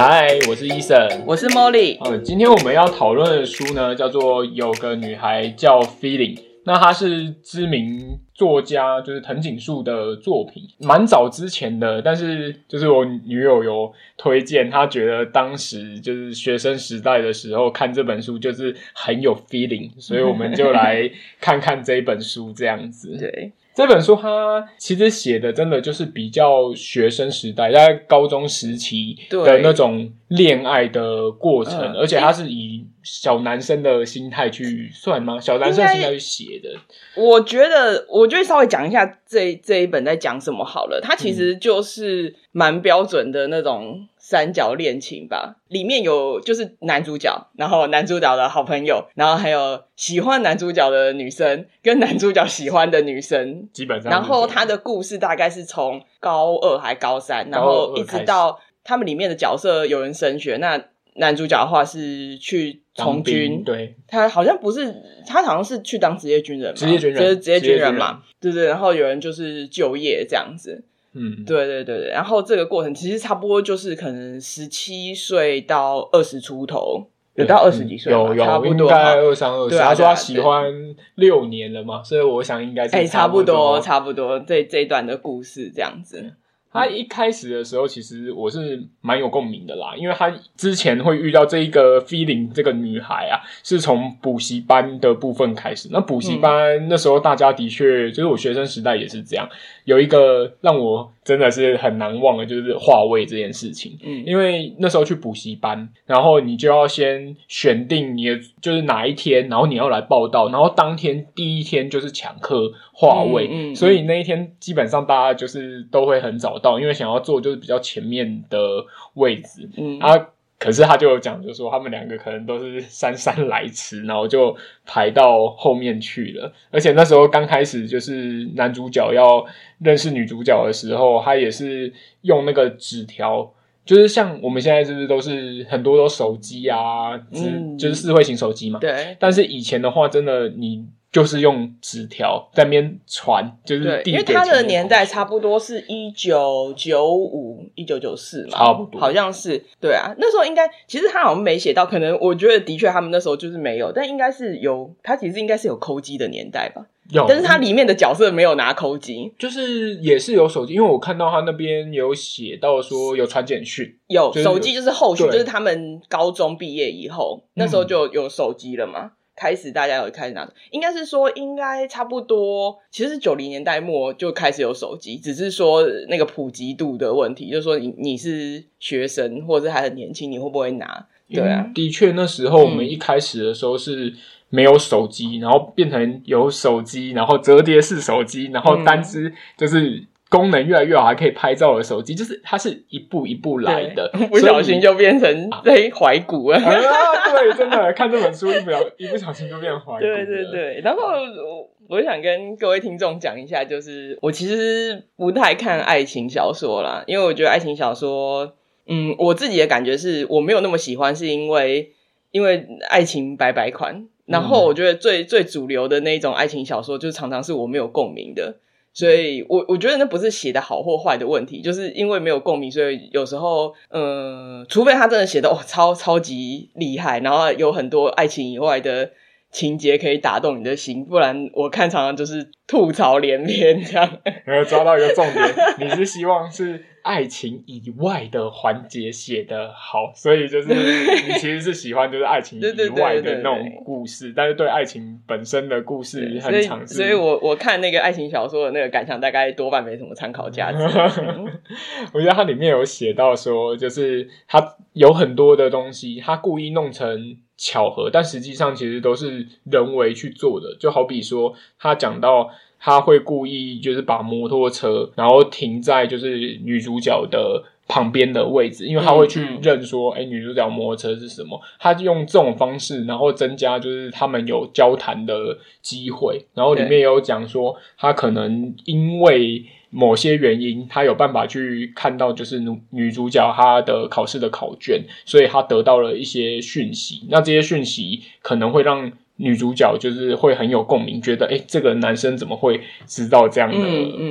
嗨，我是伊森，我是 l 莉。呃，今天我們要討論的書呢，叫做《有個女孩叫 Feeling》，那她是知名作家就是藤井樹的作品，蠻早之前的，但是就是我女友有推薦，她覺得當時就是學生時代的時候看這本書就是很有 Feeling，所以我們就來看看這本書這樣子。 對。這本書它其實寫的真的就是比較學生時代，在高中時期的那種戀愛的過程，而且它是以小男生的心態去算嗎？小男生的心態去寫的。我覺得，我就稍微講一下這這一本在講什麼好了。它其實就是蠻標準的那種。三角戀情吧，裡面有就是男主角，然後男主角的好朋友，然後還有喜歡男主角的女生，跟男主角喜歡的女生。基本上。然後他的故事大概是從高二還高三，然後一直到他們裡面的角色有人升學。那男主角的話是去從軍，對，他好像不是，他好像是去當職業軍人，職業軍人就是職業軍人嘛，職業軍人。對對。然後有人就是就業這樣子。嗯，對對對對，然後這個過程其實差不多就是可能十七歲到二十出頭，有到二十幾歲，有有差不多應該二三二十對、啊，他說他喜歡六年了嘛，啊、所以我想應該差不多、欸、差不多，差不多這這段的故事這樣子。嗯他一開始的時候，其實我是蠻有共鳴的啦，因為他之前會遇到這一個 feeling 這個女孩啊，是從補習班的部分開始。那補習班、嗯、那時候，大家的確就是我學生時代也是這樣，有一個讓我。真的是很難忘的就是劃位這件事情。嗯，因為那時候去補習班，然後你就要先選定你就是哪一天，然後你要來報到，然後當天第一天就是搶課劃位、嗯嗯，所以那一天基本上大家就是都會很早到，因為想要坐就是比較前面的位置。嗯啊。可是他就有講，就說他們兩個可能都是姍姍來遲，然後就排到後面去了。而且那時候剛開始就是男主角要認識女主角的時候，他也是用那個紙條，就是像我們現在是不是都是很多都手機呀？嗯，就是智慧型手機嘛。對。但是以前的話，真的你。就是用紙條在那邊傳，就是對，因為他的年代差不多是一九九五、一九九四嘛，差不多，好像是對啊。那時候應該其實他好像沒寫到，可能我覺得的確他們那時候就是沒有，但應該是有，他其實應該是有 Call 機的年代吧。有，但是他裡面的角色沒有拿 Call 機，就是也是有手機，因為我看到他那邊有寫到說有傳簡訊，有、就是、有手機就是後續，就是他們高中畢業以後那時候就有、嗯、有手機了嘛。開始大家有開始拿，應該是說應該差不多。其實九零年代末就開始有手機，只是說那個普及度的問題，就是說你你是學生或者是還很年輕，你會不會拿？對啊，嗯、的確那時候我們一開始的時候是沒有手機、嗯，然後變成有手機，然後折疊式手機，然後單只就是。功能越來越好，還可以拍照的手機，就是它是一步一步來的，不小心就變成哎懷古啊。對，真的看這本書，一不一不小心就變懷古。對對對。然後我我想跟各位聽眾講一下，就是我其實不太看愛情小說啦，因為我覺得愛情小說，嗯，我自己的感覺是，我沒有那麼喜歡，是因為因為愛情白白款。然後我覺得最、嗯、最主流的那一種愛情小說，就常常是我沒有共鳴的。所以，我我覺得那不是寫的好或壞的問題，就是因為沒有共鳴。所以有時候，嗯、呃，除非他真的寫的哦，超超級厲害，然後有很多愛情以外的情節可以打動你的心，不然我看常常就是吐槽連篇這樣。有沒有抓到一個重點？ 你是希望是。愛情以外的環節寫得好。所以就是你其實是喜歡就是愛情以外的那種故事， 對對對對對對，但是對愛情本身的故事很嘗試。所以，所以我我看那個愛情小說的那個感想，大概多半沒什麼參考價值。 我覺得它裡面有寫到說，就是它有很多的東西，它故意弄成巧合，但實際上其實都是人為去做的。就好比說，他講到。他會故意就是把摩托車，然後停在就是女主角的旁邊的位置，因為他會去認說，哎、嗯嗯欸，女主角摩托車是什麼？他用這種方式，然後增加就是他們有交談的機會。然後裡面也有講說，他可能因為某些原因，他有辦法去看到就是女主角她的考試的考卷，所以他得到了一些訊息。那這些訊息可能會讓。女主角就是會很有共鳴，覺得哎，這個男生怎麼會知道這樣的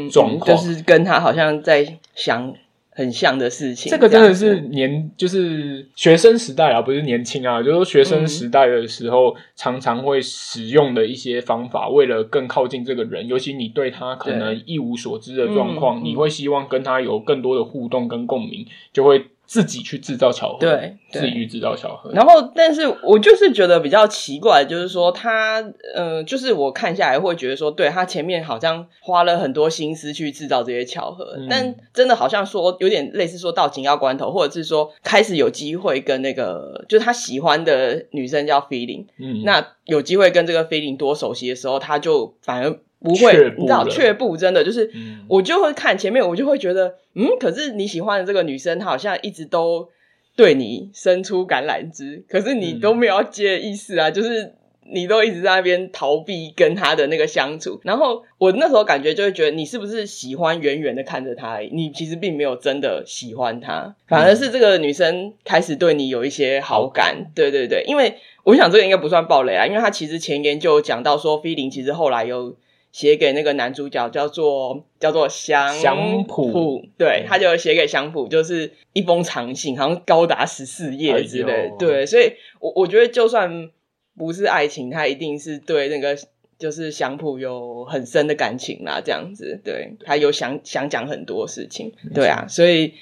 狀況？嗯嗯、就是跟他好像在想很像的事情。這個真的是年、嗯，就是學生時代啊，不是年輕啊，就是學生時代的時候，嗯、常常會使用的一些方法，為了更靠近這個人，尤其你對他可能一無所知的狀況，嗯、你會希望跟他有更多的互動跟共鳴，就會。自己去製造巧合，對，對，自己去製造巧合。然後，但是我就是覺得比較奇怪，就是說他，嗯、呃，就是我看下來會覺得說，對他前面好像花了很多心思去製造這些巧合，嗯，但真的好像說有點類似說到緊要關頭，或者是說開始有機會跟那個，就是他喜歡的女生叫 Feeling，嗯，那有機會跟這個 Feeling 多熟悉的時候，他就反而，不會，你知道卻步，真的就是我就會看前面，我就會覺得嗯，嗯，可是你喜歡的這個女生，她好像一直都對你伸出橄欖枝，可是你都沒有要接的意思啊、嗯，就是你都一直在那邊逃避跟她的那個相處。然後我那時候感覺就會覺得，你是不是喜歡遠遠的看着她？你其實並沒有真的喜歡她，反而是這個女生開始對你有一些好感。嗯、對對對，因為我想這個應該不算暴雷啊，因為她其實前言就講到說，Feeling 其實後來又。寫給那個男主角叫做叫做祥普祥普，對、嗯、他就寫給祥普，就是一封長信，好像高達十四頁之類、哎。對，所以，我我覺得就算不是愛情，他一定是對那個就是祥普有很深的感情啦。這樣子，對，他有想想講很多事情。事對啊，所以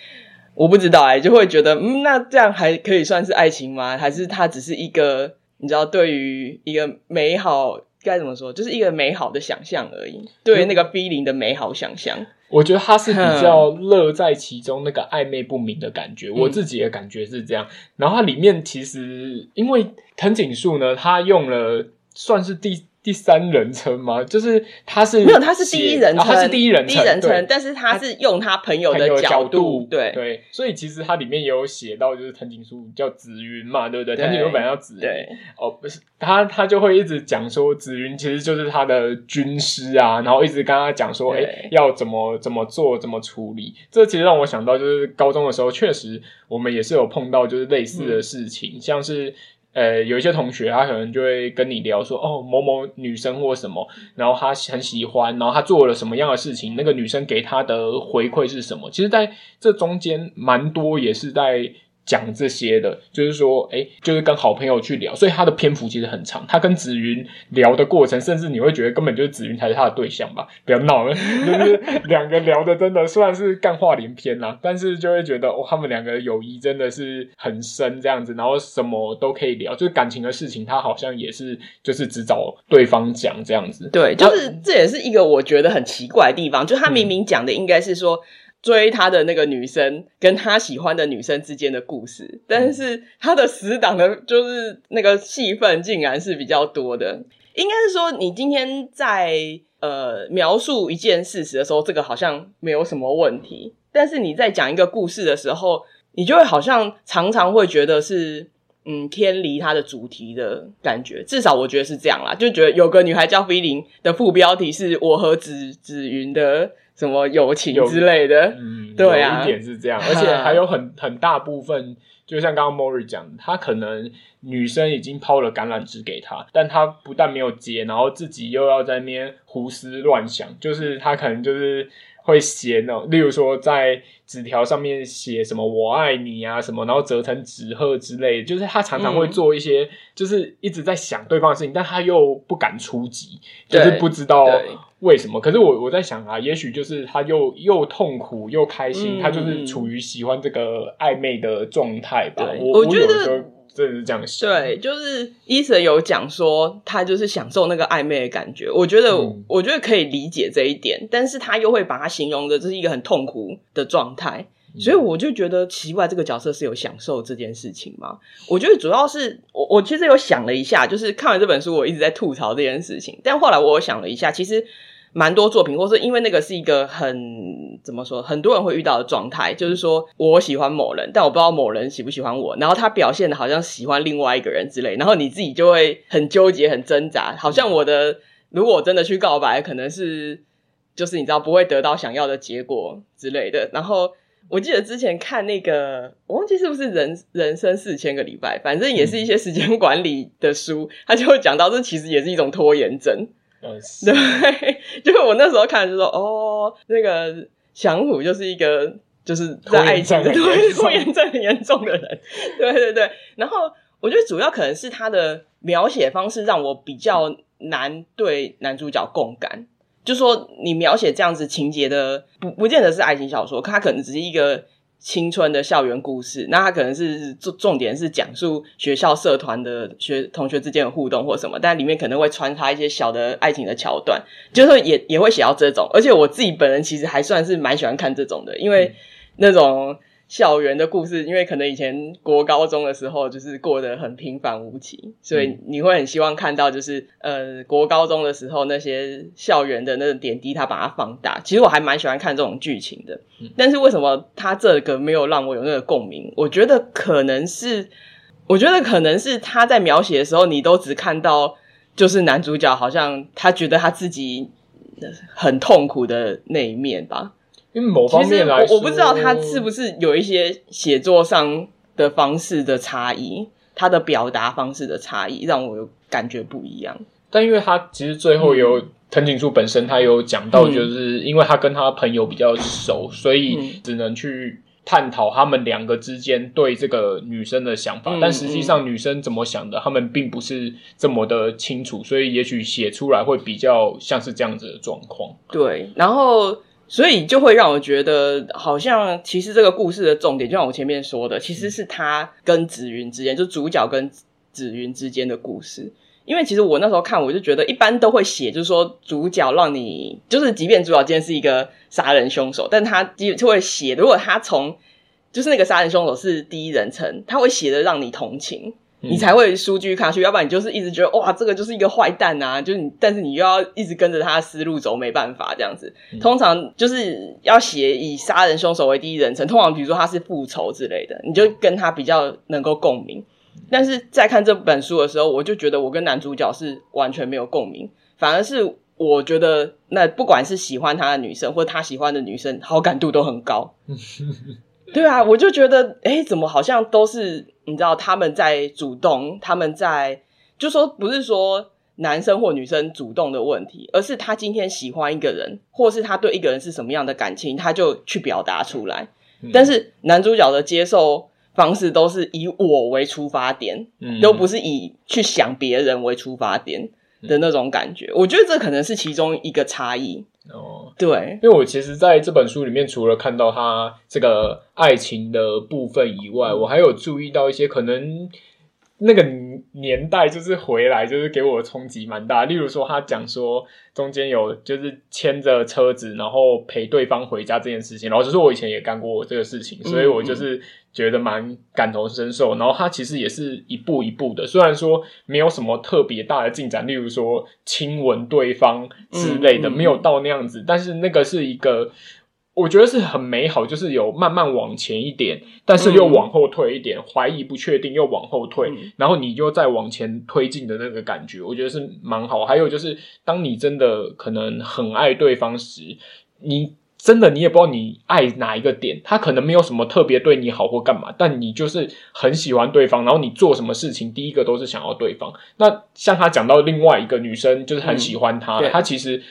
我不知道哎、欸，就會覺得，嗯，那這樣還可以算是愛情嗎？還是他只是一個，你知道，對於一個美好。該怎麼說？就是一個美好的想象而已，對那個 B 零的美好想象，嗯。我覺得他是比較樂在其中那個曖昧不明的感覺，嗯，我自己的感覺是這樣。然後他裡面其實因為藤井樹呢，他用了算是第。第三人稱嗎？就是他是沒有，他是第一人稱、哦，他是第一人稱，但是他是用他朋友的角度，角度對對。所以其實他裡面也有寫到，就是藤井樹叫紫雲嘛，對不對？對藤井樹本來叫紫雲，哦，不是他，他就會一直講說紫雲其實就是他的軍師啊，然後一直跟他講說、欸，要怎麼怎麼做怎麼處理。這其實讓我想到，就是高中的時候，確實我們也是有碰到就是類似的事情，嗯、像是。呃，有一些同學、啊，他可能就會跟你聊說，哦，某某女生或什麼，然後他很喜歡，然後他做了什麼樣的事情，那個女生給他的回饋是什麼？其實在這中間，蠻多也是在。講這些的，就是說，誒、欸、就是跟好朋友去聊，所以他的篇幅其實很長。他跟紫雲聊的過程，甚至你會覺得根本就是紫雲才是他的對象吧？不要鬧了，就是兩個聊的真的算是幹話連篇啦、啊。但是就會覺得哦，他們兩個友誼真的是很深這樣子，然後什麼都可以聊，就是感情的事情，他好像也是就是只找對方講這樣子。對，就是這也是一個我覺得很奇怪的地方，就他明明講的應該是說。嗯追他的那個女生，跟他喜歡的女生之間的故事，但是他的死黨的就是那個戲份竟然是比較多的。應該是說，你今天在呃描述一件事實的時候，這個好像沒有什麼問題；但是你在講一個故事的時候，你就會好像常常會覺得是嗯偏離他的主題的感覺。至少我覺得是這樣啦，就覺得有個女孩叫 Feeling 的副標題是“我和紫紫雲”的。什麼友情之類的，有嗯，對啊，有一點是這樣，而且還有很很大部分， 就像剛剛 Mori 講的，他可能女生已經拋了橄欖枝給他，但他不但沒有接，然後自己又要在那邊胡思亂想，就是他可能就是會寫那種，例如說在紙條上面寫什麼“我愛你”啊什麼，然後折成紙鶴之類的，就是他常常會做一些，就是一直在想對方的事情，嗯、但他又不敢出擊，就是不知道。為什麼？可是我我在想啊，也許就是他又又痛苦又開心，嗯，他就是處於喜歡這個曖昧的狀態吧。我我覺得這是這樣對，就是 Ethan 有講說他就是享受那個曖昧的感覺。我覺得我、嗯、我覺得可以理解這一點，但是他又會把他形容的這是一個很痛苦的狀態，所以我就覺得奇怪，這個角色是有享受這件事情嗎？我覺得主要是我我其實有想了一下，就是看完這本書我一直在吐槽這件事情，但後來我想了一下，其實。蠻多作品，或是因為那個是一個很怎麼說，很多人會遇到的狀態，就是說我喜歡某人，但我不知道某人喜不喜歡我，然後他表現的好像喜歡另外一個人之類，然後你自己就會很糾結、很掙扎，好像我的如果真的去告白，可能是就是你知道不會得到想要的結果之類的。然後我記得之前看那個，我忘記是不是人人生四千個禮拜，反正也是一些時間管理的書，他、嗯、就會講到這其實也是一種拖延症。 對，就我那時候看就說，哦，那個祥虎就是一個就是在愛情對拖延症很嚴重的人，對對對。然後我覺得主要可能是他的描寫方式讓我比較難對男主角共感，嗯、就說你描寫這樣子情節的不不見得是愛情小說，他可能只是一個。青春的校園故事，那它可能是重重點是講述學校社團的學同學之間的互動或什麼，但裡面可能會穿插一些小的愛情的橋段，就是也也會寫到這種。而且我自己本人其實還算是蠻喜歡看這種的，因為那種。校園的故事，因為可能以前國高中的時候就是過得很平凡無奇，所以你會很希望看到，就是、嗯、呃，國高中的時候那些校園的那個點滴，他把它放大。其實我還蠻喜歡看這種劇情的，但是為什麼他這個沒有讓我有那個共鳴？我覺得可能是，我覺得可能是他在描寫的時候，你都只看到就是男主角好像他覺得他自己很痛苦的那一面吧。因為某方面來說，其實我，我不知道他是不是有一些寫作上的方式的差異，他的表達方式的差異讓我有感覺不一樣。但因為他其實最後有、嗯、藤井樹本身，他有講到，就是因為他跟他朋友比較熟，嗯、所以只能去探討他們兩個之間對這個女生的想法。嗯嗯，但實際上女生怎麼想的嗯嗯，他們並不是這麼的清楚，所以也許寫出來會比較像是這樣子的狀況。對，然後。所以就會讓我覺得，好像其實這個故事的重點，就像我前面說的，其實是他跟紫雲之間，就主角跟紫雲之間的故事。因為其實我那時候看，我就覺得一般都會寫，就是說主角讓你，就是即便主角今天是一個殺人兇手，但他就會寫，如果他從就是那個殺人兇手是第一人稱，他會寫的讓你同情。你才會繼續看下去，要不然，你就是一直覺得哇，這個就是一個壞蛋啊！就是你，但是你又要一直跟着他的思路走，沒辦法這樣子。通常就是要寫以殺人凶手為第一人稱，通常比如說他是復仇之類的，你就跟他比較能夠共鳴。但是在看這本書的時候，我就覺得我跟男主角是完全沒有共鳴，反而是我覺得那不管是喜歡他的女生或者他喜歡的女生，好感度都很高。 對啊，我就覺得誒、欸，怎麼好像都是。你知道他們在主動，他們在就說不是說男生或女生主動的問題，而是他今天喜歡一個人，或是他對一個人是什麼樣的感情，他就去表達出來。但是男主角的接受方式都是以我為出發點，都不是以去想別人為出發點的那種感覺。我覺得這可能是其中一個差異。哦，對，因為我其實在這本書裡面，除了看到他這個愛情的部分以外，我還有注意到一些可能。那個年代就是回來，就是給我的衝擊蠻大。例如說，他講說中間有就是牽着車子，然後陪對方回家這件事情，然後其實我以前也幹過這個事情，所以我就是覺得蠻感同身受。然後他其實也是一步一步的，雖然說沒有什麼特別大的進展，例如說親吻對方之類的，沒有到那樣子，但是那個是一個。我覺得是很美好，就是有慢慢往前一點，但是又往後退一點，懷、嗯、疑不、不確定又往後退，嗯、然後你就再往前推進的那個感覺，我覺得是蠻好。還有就是，當你真的可能很愛對方時，你真的你也不知道你愛哪一個點，他可能沒有什麼特別對你好或幹嘛，但你就是很喜歡對方，然後你做什麼事情，第一個都是想要對方。那像他講到另外一個女生，就是很喜歡他，嗯、他其實。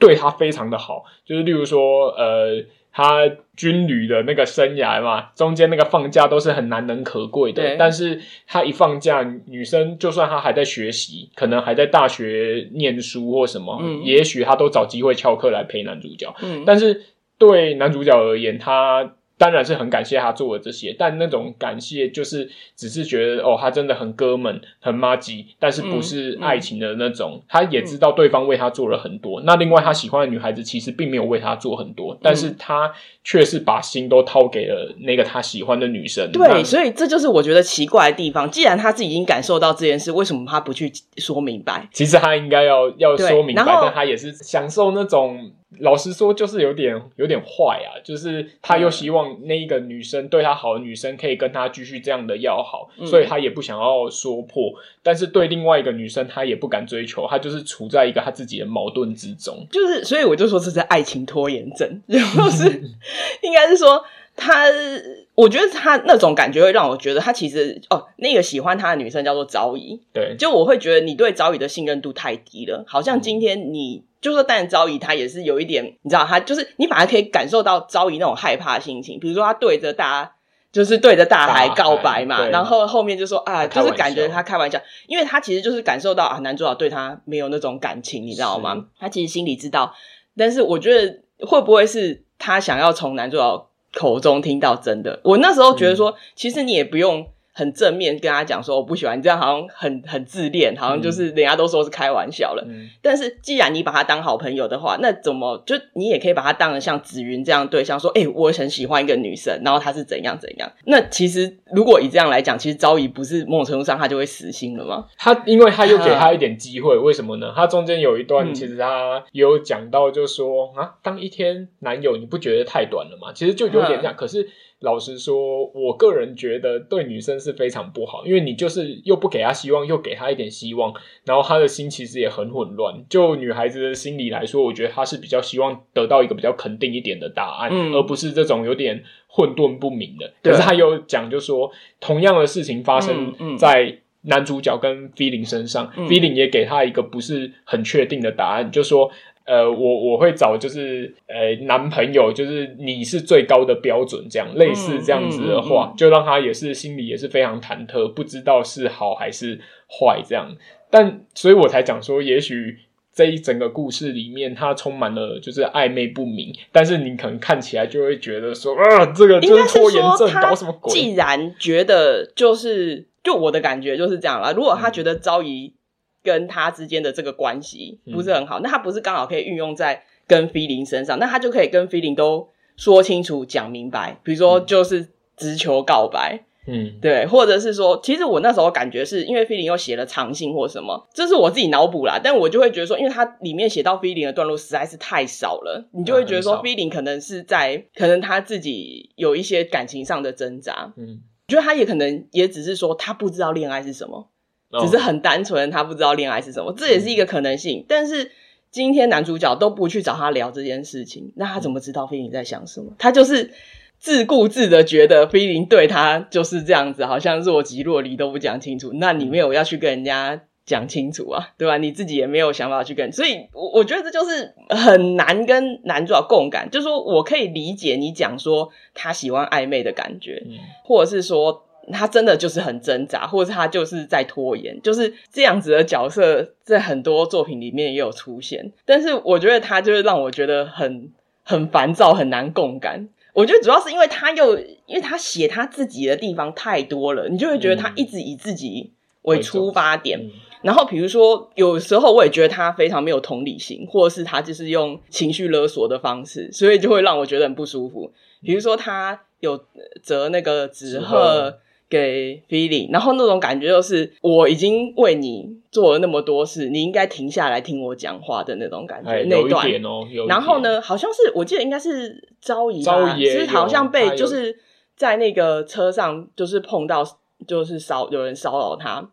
對他非常的好，就是例如說，呃，他軍旅的那個生涯嘛，中間那個放假都是很難能可貴的。對。但是他一放假，女生就算她還在學習，可能還在大學念書或什麼，嗯。也許他都找機會翹課來陪男主角。嗯。但是對男主角而言，他。當然是很感謝他做的這些，但那種感謝就是只是覺得哦，他真的很哥們、很麻吉，但是不是愛情的那種。嗯嗯、他也知道對方為他做了很多、嗯，那另外他喜歡的女孩子其實並沒有為他做很多，但是他卻是把心都掏給了那個他喜歡的女生、嗯。對，所以這就是我覺得奇怪的地方。既然他自己已經感受到這件事，為什麼他不去說明白？其實他應該要要說明白，對，然後，但他也是享受那種。老實說，就是有點有點壞啊！就是他又希望那一個女生，對他好的女生可以跟他繼續這樣的要好，嗯、所以他也不想要說破。但是對另外一個女生，他也不敢追求，他就是處在一個他自己的矛盾之中。就是，所以我就說這是愛情拖延症，就是， 應該是說他。我覺得他那種感覺會讓我覺得他其實哦，那個喜歡他的女生叫做朝宜，對，就我會覺得你對朝宜的信任度太低了，好像今天你、嗯、就是當然朝宜他也是有一點，你知道他就是你反而可以感受到朝宜那種害怕的心情，比如說他對着大家就是對着大海告白嘛，然後後面就說啊，就是感覺他開玩笑，因為他其實就是感受到啊，男主角對他沒有那種感情，你知道嗎？他其實心裡知道，但是我覺得會不會是他想要從男主角？口中聽到真的，我那時候覺得說，嗯、其實你也不用。很正面跟他講說我不喜歡這樣，好像很很自戀、嗯，好像就是人家都說是開玩笑了、嗯。但是既然你把他當好朋友的話，那怎麼就你也可以把他當成像紫雲這樣對象說，哎、欸，我很喜歡一個女生，然後她是怎樣怎樣。那其實如果以這樣來講，其實朝已不是某種程度上他就會死心了嗎？他因為他又給他一點機會、嗯，為什麼呢？他中間有一段其實他有講到就是，就、嗯、說啊，當一天男友你不覺得太短了嗎？其實就有點像，嗯、可是。老實說，我個人覺得對女生是非常不好，因為你就是又不給她希望，又給她一點希望，然後她的心其實也很混亂。就女孩子的心理來說，我覺得她是比較希望得到一個比較肯定一點的答案，嗯、而不是這種有點混沌不明的。可是她有講就，就說同樣的事情發生在男主角跟 Feeling 身上，嗯、Feeling 也給他一個不是很確定的答案，就是，說。呃，我我會找就是呃男朋友，就是你是最高的標準，這樣、嗯、類似這樣子的話，嗯嗯、就讓他也是心裡也是非常忐忑，不知道是好還是壞這樣。但所以我才講說，也許這一整個故事裡面，他充滿了就是曖昧不明，但是你可能看起來就會覺得說啊，這個就是拖延症搞什麼鬼？既然覺得就是就我的感覺就是這樣啦。如果他覺得遭儀、嗯。跟他之間的這個關係不是很好，嗯、那他不是剛好可以運用在跟 Feeling 身上，那他就可以跟 Feeling 都說清楚，講明白。比如說，就是直球告白，嗯，對，或者是說，其實我那時候感覺是因為 Feeling 又寫了長信或什麼，這是我自己腦補啦。但我就會覺得說，因為它裡面寫到 Feeling 的段落實在是太少了，你就會覺得說，Feeling 可能是在，嗯，可能他自己有一些感情上的掙扎。嗯，我覺得他也可能也只是說，他不知道戀愛是什麼。只是很單純，oh. 他不知道戀愛是什麼，這也是一個可能性、嗯。但是今天男主角都不去找他聊這件事情，那他怎麼知道 Feeling 在想什麼？他就是自顧自的覺得 Feeling 對他就是這樣子，好像若即若離都不講清楚。那你沒有要去跟人家講清楚啊，嗯、對吧？你自己也沒有想法去跟，所以我,我覺得這就是很難跟男主角共感。就是說我可以理解你講說他喜歡曖昧的感覺，嗯、或者是說。他真的就是很掙扎，或者他就是在拖延，就是這樣子的角色，在很多作品裡面也有出現。但是我覺得他就是讓我覺得很很煩躁，很難共感。我覺得主要是因為他又因為他寫他自己的地方太多了，你就會覺得他一直以自己為出發點。嗯嗯、然後比如說，有時候我也覺得他非常沒有同理心，或者是他就是用情緒勒索的方式，所以就會讓我覺得很不舒服。比如說他有折那個紙鶴。給 Feeling，然後那種感覺就是我已經為你做了那麼多事，你應該停下來聽我講話的那種感覺。哎、那一,段有一點哦一點，然後呢，好像是我記得應該是朝儀，只是,是好像被就是在那個車上就是碰到就是，就是騷有人騷擾他。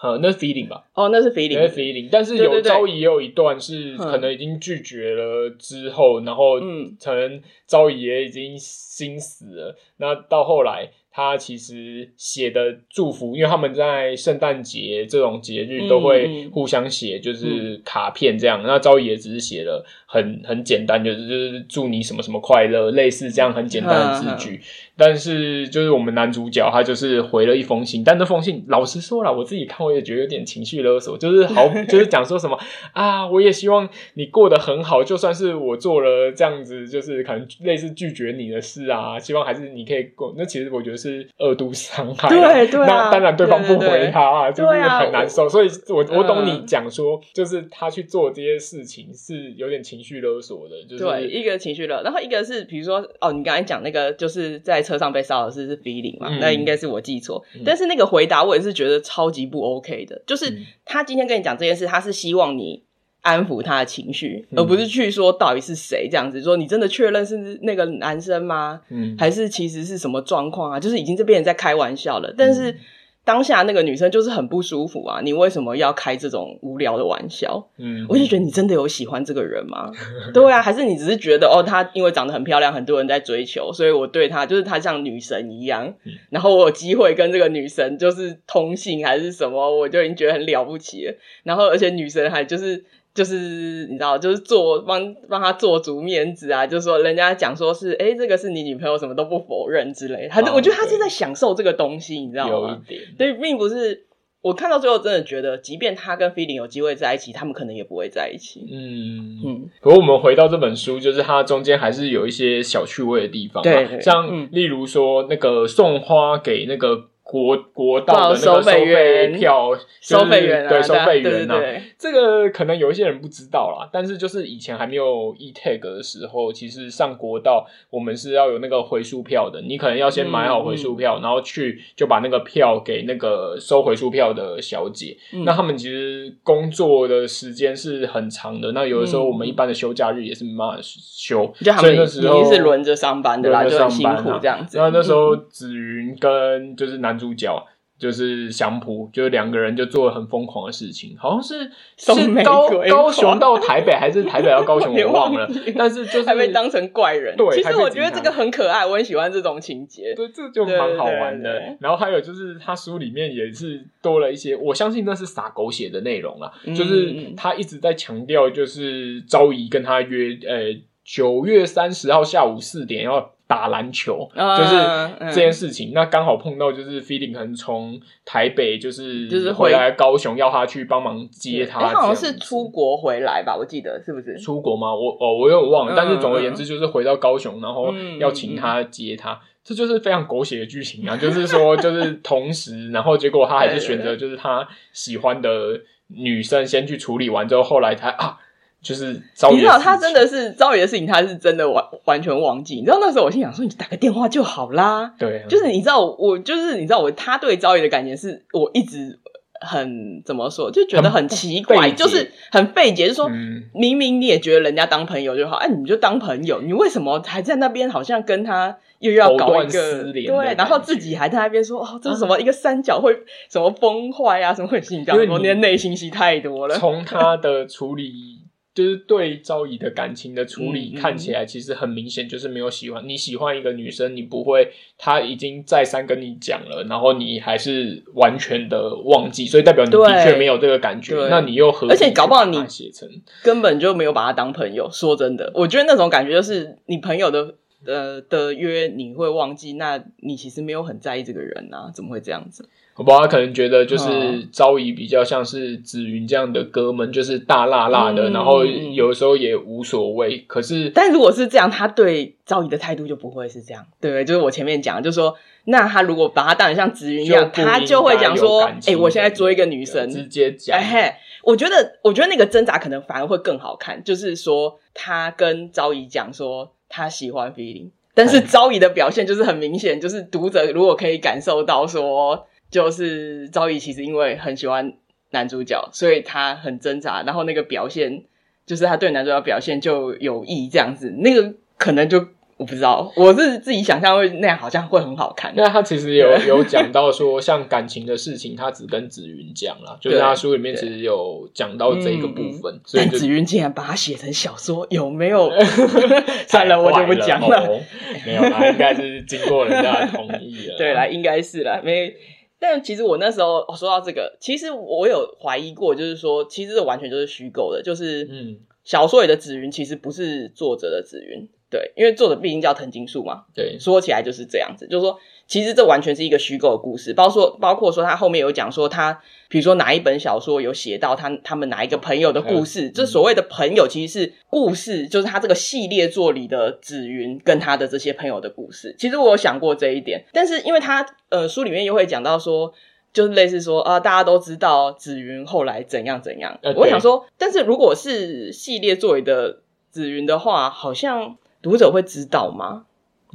呵，那 Feeling 吧？哦，那是 Feeling，那 Feeling。但是有對對對朝儀有一段是可能已經拒絕了之後，然後嗯，可能朝儀已經心死了。嗯、那到後來。他其實寫的祝福，因為他們在聖誕節這種節日、嗯、都會互相寫，就是卡片這樣。嗯、那昭也只是寫了很很簡單，就是就是祝你什麼什麼快樂，類似這樣很簡單的字句。呵呵但是就是我們男主角他就是回了一封信，但那封信老實說啦，我自己看我也覺得有點情緒勒索，就是好就是講說什麼 啊，我也希望你過得很好，就算是我做了這樣子，就是可能類似拒絕你的事啊，希望還是你可以過。那其實我覺得是二度傷害，對對、啊。那當然對方不回他、啊啊，就是很難受。啊、所以我我，我懂你講說、嗯，就是他去做這些事情是有點情緒勒索的，就是對一個情緒勒，然後一個是比如說哦，你剛才講那個就是在。車上被燒的是，是 feeling 嘛？嗯、那應該是我記錯、嗯。但是那個回答我也是覺得超級不 OK 的。就是他今天跟你講這件事，他是希望你安撫他的情緒、嗯，而不是去說到底是誰這樣子。說你真的確認是那個男生嗎？嗯、還是其實是什麼狀況啊？就是已經這邊人在開玩笑了。但是。嗯當下那個女生就是很不舒服啊！你為什麼要開這種無聊的玩笑？嗯，嗯，我就覺得你真的有喜歡這個人嗎？對啊，還是你只是覺得哦，她因為長得很漂亮，很多人在追求，所以我對她就是她像女神一樣。然後我有機會跟這個女神就是通信還是什麼，我就已經覺得很了不起了。然後而且女神還就是。就是你知道，就是做幫幫他做足面子啊，就說人家講說是哎、欸，這個是你女朋友，什麼都不否認之類的、哦。他就我覺得他是在享受這個東西，你知道嗎？有一點，對，並不是我看到最後真的覺得，即便他跟 Feeling 有機會在一起，他們可能也不會在一起。嗯嗯。不過我們回到這本書，就是它中間還是有一些小趣味的地方、啊，對，對，對。像例如說、嗯、那個送花給那個。國國道的那個收費票，收費員、就是、員啊，對，對收費員、啊。對，對，對，對，這個可能有一些人不知道啦，但是就是以前還沒有 eTag 的時候，其實上國道我們是要有那個回數票的。你可能要先買好回數票、嗯，然後去就把那個票給那個收回數票的小姐、嗯。那他們其實工作的時間是很長的、嗯。那有的時候我們一般的休假日也是沒辦法休，就他們所以那時候一定是輪着上班的啦，上班啊、就很辛苦這樣子。那那時候紫雲跟就是男。男主角就是祥普，就是兩個人就做了很瘋狂的事情，好像是是高高雄到台北， 還是台北到高雄，我忘了 忘。但是就是還被當成怪人。對，其實我覺得這個很可愛，我很喜歡這種情節，對，這就蠻好玩的對對對。然後還有就是，他書裡面也是多了一些，我相信那是灑狗血的內容啦、嗯，就是他一直在強調，就是昭儀跟他約，呃，九月三十號下午四點要。打籃球、嗯、就是這件事情，嗯、那剛好碰到就是 Feeling 可能從台北就是就是回來高雄，要他去幫忙接他、嗯欸。好像是出國回來吧，我記得是不是？出國嗎？我哦，我有點忘了、嗯。但是總而言之，就是回到高雄，然後要請他接他，嗯、這就是非常狗血的劇情啊！ 就是說，就是同時，然後結果他還是選擇就是他喜歡的女生先去處理完之後，後來他啊。就是你知道他真的是招遠的事情，他是真的完完全忘記。你知道那時候我心想說，你打個電話就好啦！對，就是你知道我，我就是你知道我，他對招遠的感覺是我一直很怎麼說，就覺得很奇怪，就是很費解，就是，就是說、嗯、明明你也覺得人家當朋友就好，哎、啊，你就當朋友，你為什麼還在那邊好像跟他又要搞一個對，然後自己還在那邊說哦，這是什麼一個三角會什麼崩壞啊，啊什麼會，情？你知道嗎？我那天內心戲太多了，從他的處理。 就是對朝怡的感情的處理，看起來其實很明顯，就是沒有喜歡。你喜歡一個女生，你不會，她已經再三跟你講了，然後你還是完全的忘記，所以代表你的確沒有這個感覺。那你又何必，而且搞不好你寫成根本就沒有把她當朋友。說真的，我覺得那種感覺就是你朋友的。呃的、的約你會忘記，那你其實沒有很在意這個人啊？怎麼會這樣子？我爸可能覺得就是朝儀比較像是紫雲這樣的哥們、嗯，就是大辣辣的，然後有的時候也無所謂、嗯。可是，但如果是這樣，他對朝儀的態度就不會是這樣。對，就是我前面講，就是說，那他如果把他當成像紫雲一樣他，他就會講說：“哎、欸，我現在追一個女生，直接講。欸”我覺得，我覺得那個掙扎可能反而會更好看。就是說，他跟朝儀講說。他喜歡 Feeling，但是朝儀的表現就是很明顯、嗯，就是讀者如果可以感受到說，就是朝儀其實因為很喜歡男主角，所以他很掙扎，然後那個表現就是他對男主角表現就有意這樣子，那個可能就。我不知道，我是自己想象會那樣，好像會很好看的。那他其實有有講到說， 像感情的事情，他只跟紫雲講了， 就是他書裡面其實有講到這一個部分。對所以嗯、但紫雲竟然把它寫成小說，有沒有？ 算了，太壞了，我就不講了，哦。沒有啦，應該是經過人家的同意了。 對啦，應該是啦，沒。但其實我那時候說到這個，其實我有懷疑過，就是說，其實這完全就是虛構的，就是嗯，小說裡的紫雲其實不是作者的紫雲。對，因為作者畢竟叫藤井樹嘛，對，說起來就是這樣子，就是說，其實這完全是一個虛構的故事，包括說，包括說他後面有講說他，比如說哪一本小說有寫到他他們哪一個朋友的故事，這、嗯、所謂的朋友其實是故事，就是他這個系列作裡的紫雲跟他的這些朋友的故事。其實我有想過這一點，但是因為他呃書裡面又會講到說，就是類似說啊、呃，大家都知道紫雲後來怎樣怎樣，呃、我想說，但是如果是系列作裡的紫雲的話，好像。讀者會知道嗎？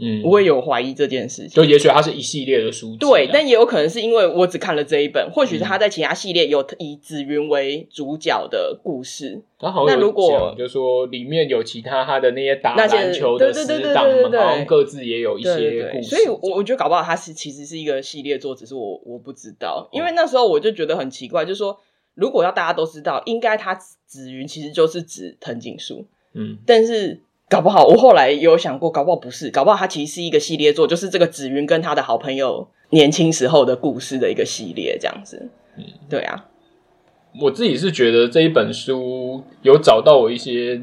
嗯，我也有懷疑這件事情。就也許他是一系列的書籍，啊，對，但也有可能是因為我只看了這一本，或許是他在其他系列有以紫雲為主角的故事。嗯、那，好那如果就是，說裡面有其他他的那些打籃球的師長，好像各自也有一些故事。對對對對所以，我我覺得搞不好他是其實是一個系列作，只是我我不知道，嗯。因為那時候我就覺得很奇怪，就是說如果要大家都知道，應該他紫雲其實就是指藤井樹，嗯，但是。搞不好，我後來有想過，搞不好不是，搞不好它其實是一個系列作，就是這個紫雲跟他的好朋友年輕時候的故事的一個系列，這樣子。嗯，對啊，我自己是覺得這一本書有找到我一些。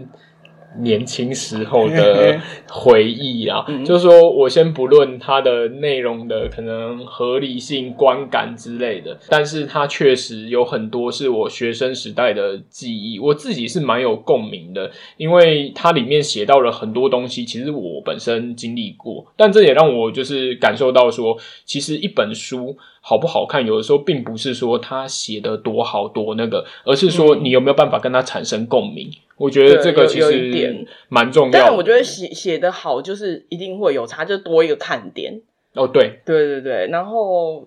年輕時候的回憶啊，就是說我先不論它的內容的可能合理性、觀感之類的，但是它確實有很多是我學生時代的記憶，我自己是蠻有共鳴的，因為它裡面寫到了很多東西，其實我本身經歷過，但這也讓我就是感受到說，其實一本書好不好看，有的時候並不是說它寫得多好多那個，而是說你有沒有辦法跟它產生共鳴。我覺得這個其實蠻重要點，但我覺得寫寫的好就是一定會有差，就多一個看點。哦，對，對對對。然後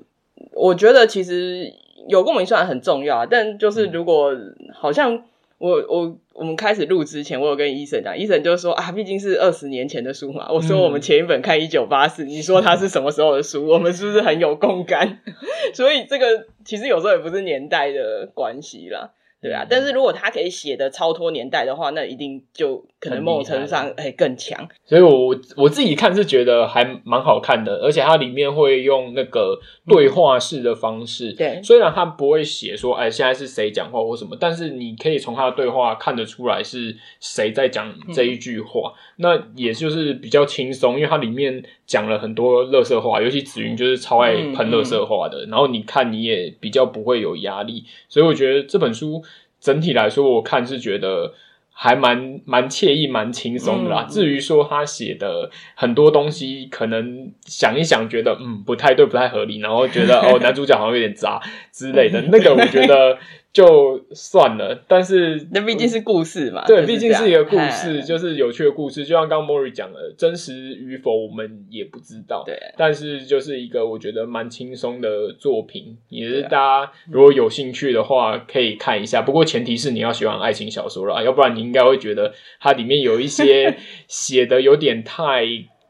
我覺得其實有共鳴雖然很重要啊，但就是如果好像我我我們開始錄之前，我有跟 Ethan 講，Etha、嗯、n 就說啊，畢竟是二十年前的書嘛。我說我們前一本看一九八四，你說它是什麼時候的書？ 我們是不是很有共感？ 所以這個其實有時候也不是年代的關係啦。對啊，但是如果他可以寫的超脫年代的話，那一定就可能某程度上會、欸、更強。所以我，我我自己看是覺得還蠻好看的，而且它裡面會用那個對話式的方式。嗯、對，雖然他不會寫說“哎、欸，現在是誰講話或什麼”，但是你可以從他的對話看得出來是誰在講這一句話、嗯。那也就是比較輕鬆，因為它裡面講了很多垃圾話，尤其紫雲就是超愛噴垃圾話的、嗯。然後你看，你也比較不會有壓力、嗯，所以我覺得這本書。整體來說，我看是覺得還蠻蠻愜意、蠻輕鬆的啦、嗯。至於說他寫的很多東西，可能想一想覺得嗯不太對、不太合理，然後覺得哦男主角好像有點渣 之類的，那個我覺得。就算了，但是那畢竟是故事嘛，對，就是、畢竟是一個故事，就是有趣的故事。就像剛 Mori 講了，真實與否我們也不知道，對。但是就是一個我覺得蠻輕鬆的作品，也是大家如果有興趣的話可以看一下。啊、不過前提是你要喜歡愛情小說啦，要不然你應該會覺得它裡面有一些寫的有點太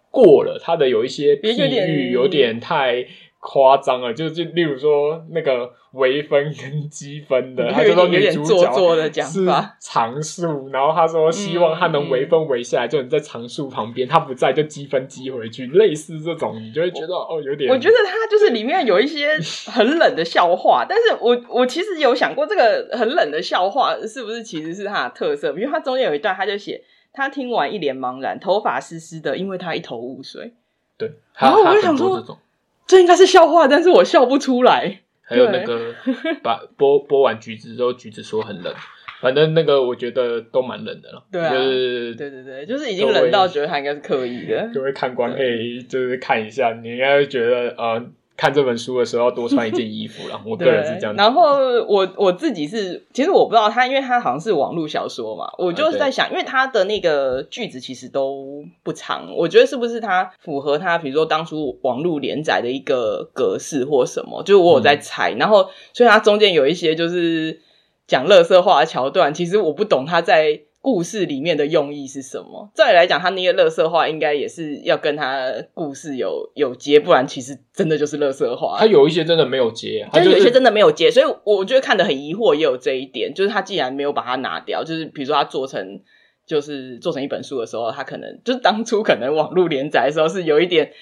過了， 它的有一些比喻有點太。誇張了，就就例如說那個微分跟積分的， 他就說有點做作的講法，是常數。然後他說希望他能微分微下來，就能在常數旁邊，嗯嗯。他不在就積分積回去，類似這種你就會覺得哦，有點。我覺得他就是裡面有一些很冷的笑話， 但是我我其實有想過這個很冷的笑話是不是其實是他的特色，因為他中間有一段他就寫他聽完一臉茫然，頭髮濕濕的，因為他一頭霧水。對，他然後我就想說。這應該是笑話，但是我笑不出來。還有那個，把剝剝完橘子之後，橘子說很冷。反正那個我覺得都蠻冷的了。對啊、就是，對對對，就是已經冷到覺得他應該是刻意的。各位看官可以就是看一下，你應該會覺得啊。呃看這本書的時候要多穿一件衣服了， 我個人是這樣子。然後我我自己是，其實我不知道他，因為他好像是網絡小說嘛，我就是在想，嗯，因為他的那個句子其實都不長，我覺得是不是它符合它，比如說當初網絡連載的一個格式或什麼，就我有在猜。嗯，然後所以它中間有一些就是講垃圾話的橋段，其實我不懂他在。故事裡面的用意是什麼？再來講，他那個垃圾話應該也是要跟他故事有有接，不然其實真的就是垃圾話。他有一些真的沒有接，但有一些真的沒有接，所以我覺得看得很疑惑，也有這一點。就是他既然沒有把它拿掉，就是比如說他做成，就是做成一本書的時候，他可能就是當初可能網絡連載的時候是有一點，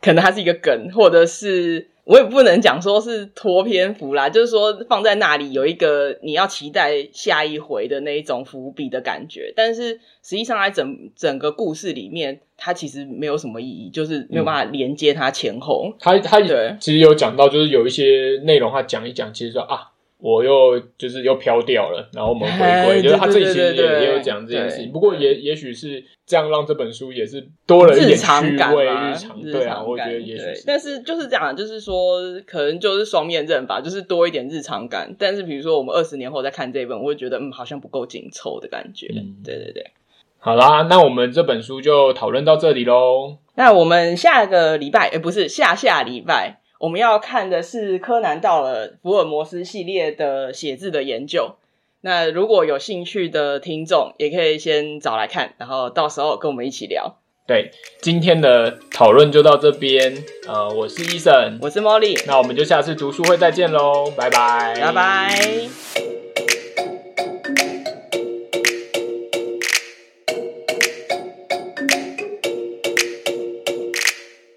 可能他是一個梗，或者是。我也不能講說是拖篇幅啦，就是說放在那裡有一個你要期待下一回的那一種伏筆的感覺，但是實際上在整整個故事裡面，它其實沒有什麼意義，就是沒有辦法連接它前後。它、嗯、他，他其實有講到，就是有一些內容它講一講，其實說啊。我又就是又飄掉了，然後我們回歸，就是他之前也也有講這件事情，不過也也許是這樣讓這本書也是多了一點趣味嘛，日常，對啊，我覺得也許是。但是就是這樣，就是說可能就是雙面刃吧，就是多一點日常感。但是比如說我們二十年後再看這本，我會覺得嗯，好像不夠緊湊的感覺，嗯。對對對。好啦，那我們這本書就討論到這裡嘍。那我們下個禮拜，哎，不是下下禮拜。我們要看的是柯南道爾福爾摩斯系列的寫字的研究。那如果有興趣的聽眾，也可以先找來看，然後到時候跟我們一起聊。對，今天的討論就到這邊。呃，我是 Ethan，我是 Mori。那我們就下次讀書會再見嘍，拜拜，拜拜。